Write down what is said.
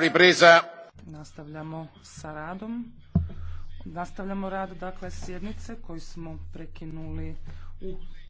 ripresa. Nastavljamo sa radom. Nastavljamo rad dakle sjednice koju smo prekinuli u